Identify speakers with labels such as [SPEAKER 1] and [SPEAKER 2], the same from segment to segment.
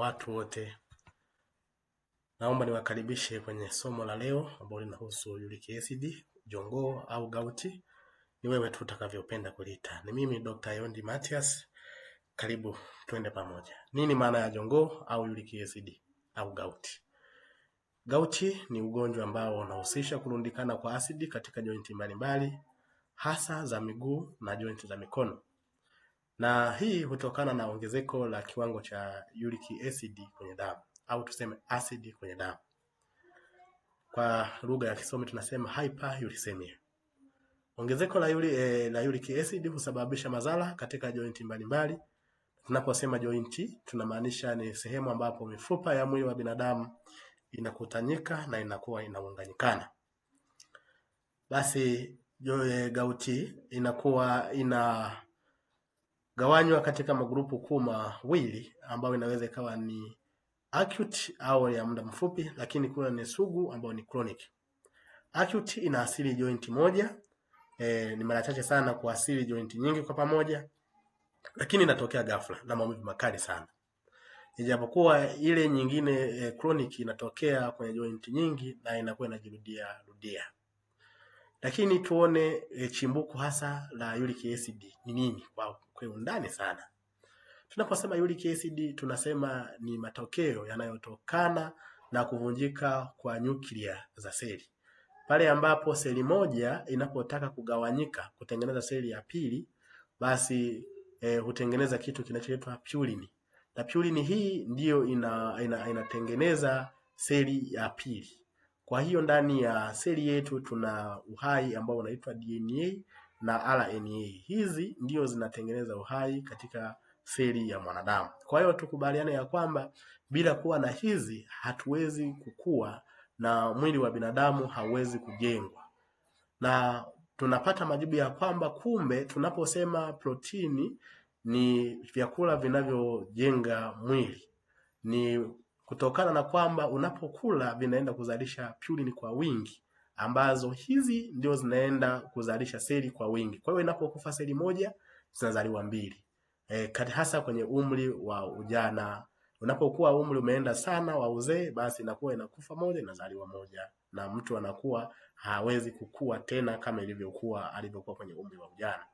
[SPEAKER 1] watu wote, naomba niwakaribishe kwenye somo la leo ambalo linahusu uric acid, jongoo au gauti, ni wewe tu utakavyopenda kuliita. Ni mimi Dr. Yondi Matias, karibu twende pamoja. Nini maana ya jongoo au uric acid au gauti? Gauti ni ugonjwa ambao unahusisha kurundikana kwa asidi katika jointi mbalimbali hasa za miguu na jointi za mikono na hii hutokana na ongezeko la kiwango cha uric acid kwenye damu au tuseme acid kwenye damu. Kwa lugha ya kisomi tunasema hyperuricemia. Ongezeko la yuri, e, eh, la uric acid husababisha madhara katika jointi mbalimbali. Tunaposema jointi, tunamaanisha ni sehemu ambapo mifupa ya mwili wa binadamu inakutanyika na inakuwa inaunganyikana. Basi eh, gauti inakuwa ina gawanywa katika magrupu kuu mawili ambayo inaweza ikawa ni acute au ya muda mfupi, lakini kuna ni sugu ambayo ni chronic. Acute inaathiri joint moja e, ni mara chache sana kuathiri joint nyingi kwa pamoja, lakini inatokea ghafla na maumivu makali sana, ijapokuwa ile nyingine e, chronic inatokea kwenye joint nyingi na inakuwa inajirudia rudia. Lakini tuone e, chimbuko hasa la uric acid ni nini kwa kwa undani sana. Tunaposema uric acid, tunasema ni matokeo yanayotokana na kuvunjika kwa nyuklia za seli pale ambapo seli moja inapotaka kugawanyika kutengeneza seli ya pili, basi eh, hutengeneza kitu kinachoitwa purine, na purine hii ndiyo ina, ina, inatengeneza seli ya pili. Kwa hiyo ndani ya seli yetu tuna uhai ambao unaitwa DNA na RNA. Hizi ndio zinatengeneza uhai katika seli ya mwanadamu. Kwa hiyo tukubaliane ya kwamba bila kuwa na hizi hatuwezi kukua na mwili wa binadamu hauwezi kujengwa, na tunapata majibu ya kwamba kumbe tunaposema protini ni vyakula vinavyojenga mwili ni kutokana na kwamba unapokula vinaenda kuzalisha purine kwa wingi ambazo hizi ndio zinaenda kuzalisha seli kwa wingi. Kwa hiyo inapokufa seli moja zinazaliwa mbili e, kati hasa kwenye umri wa ujana. Unapokuwa umri umeenda sana wa uzee, basi inakuwa inakufa moja inazaliwa moja, na mtu anakuwa hawezi kukua tena kama ilivyokuwa alivyokuwa kwenye umri wa ujana.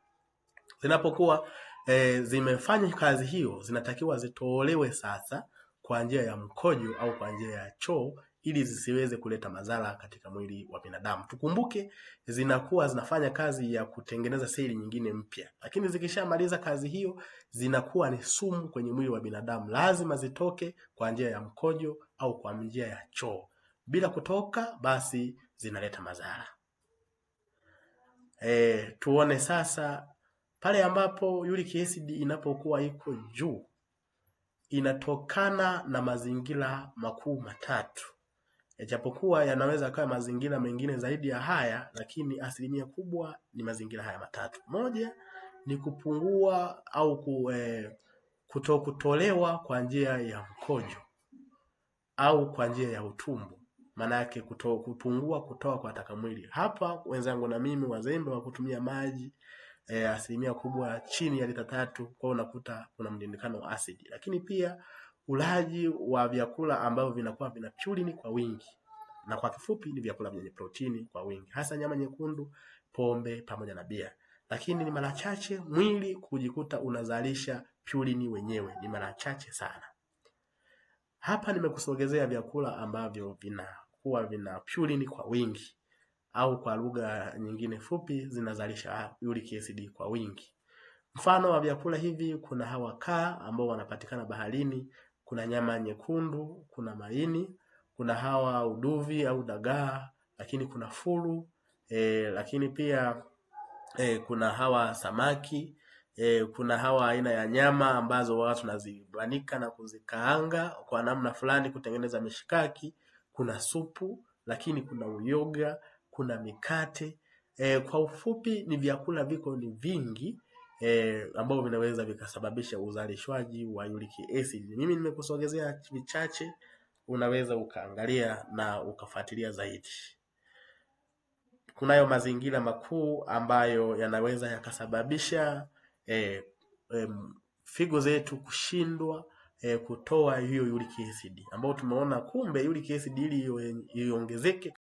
[SPEAKER 1] Zinapokuwa e, zimefanya kazi hiyo, zinatakiwa zitolewe sasa kwa njia ya mkojo au kwa njia ya choo ili zisiweze kuleta madhara katika mwili wa binadamu. Tukumbuke zinakuwa zinafanya kazi ya kutengeneza seli nyingine mpya, lakini zikishamaliza kazi hiyo zinakuwa ni sumu kwenye mwili wa binadamu. Lazima zitoke kwa njia ya mkojo au kwa njia ya choo. Bila kutoka, basi zinaleta madhara. E, tuone sasa pale ambapo uric acid inapokuwa iko juu inatokana na mazingira makuu matatu. Yajapokuwa yanaweza kuwa mazingira mengine zaidi ya haya lakini asilimia kubwa ni mazingira haya matatu. Moja ni kupungua au ku, eh, kutolewa kwa njia ya mkojo au kwa njia ya utumbo. Maana yake kuto, kupungua kutoa kwa takamwili Hapa wenzangu na mimi wazembe wa kutumia maji eh, asilimia kubwa chini ya lita tatu kwao unakuta kuna mlindikano wa asidi, lakini pia ulaji wa vyakula ambavyo vinakuwa vina purine kwa wingi, na kwa kifupi ni vyakula vyenye protini kwa wingi, hasa nyama nyekundu, pombe pamoja na bia. Lakini ni mara chache mwili kujikuta unazalisha purine wenyewe, ni mara chache sana. Hapa nimekusogezea vyakula ambavyo vinakuwa vina purine kwa wingi au kwa lugha nyingine fupi zinazalisha uric acid kwa wingi. Mfano wa vyakula hivi kuna hawa kaa ambao wanapatikana baharini kuna nyama nyekundu, kuna maini, kuna hawa uduvi au dagaa, lakini kuna fulu e, lakini pia e, kuna hawa samaki e, kuna hawa aina ya nyama ambazo watu tunazibanika na kuzikaanga kwa namna fulani kutengeneza mishikaki, kuna supu, lakini kuna uyoga, kuna mikate e, kwa ufupi ni vyakula viko ni vingi eh, ambao vinaweza vikasababisha uzalishwaji wa uric acid. Mimi nimekusogezea vichache, unaweza ukaangalia na ukafuatilia zaidi. Kunayo mazingira makuu ambayo yanaweza yakasababisha eh, eh, figo zetu kushindwa E, kutoa hiyo uric acid ambayo tumeona kumbe uric acid ili iongezeke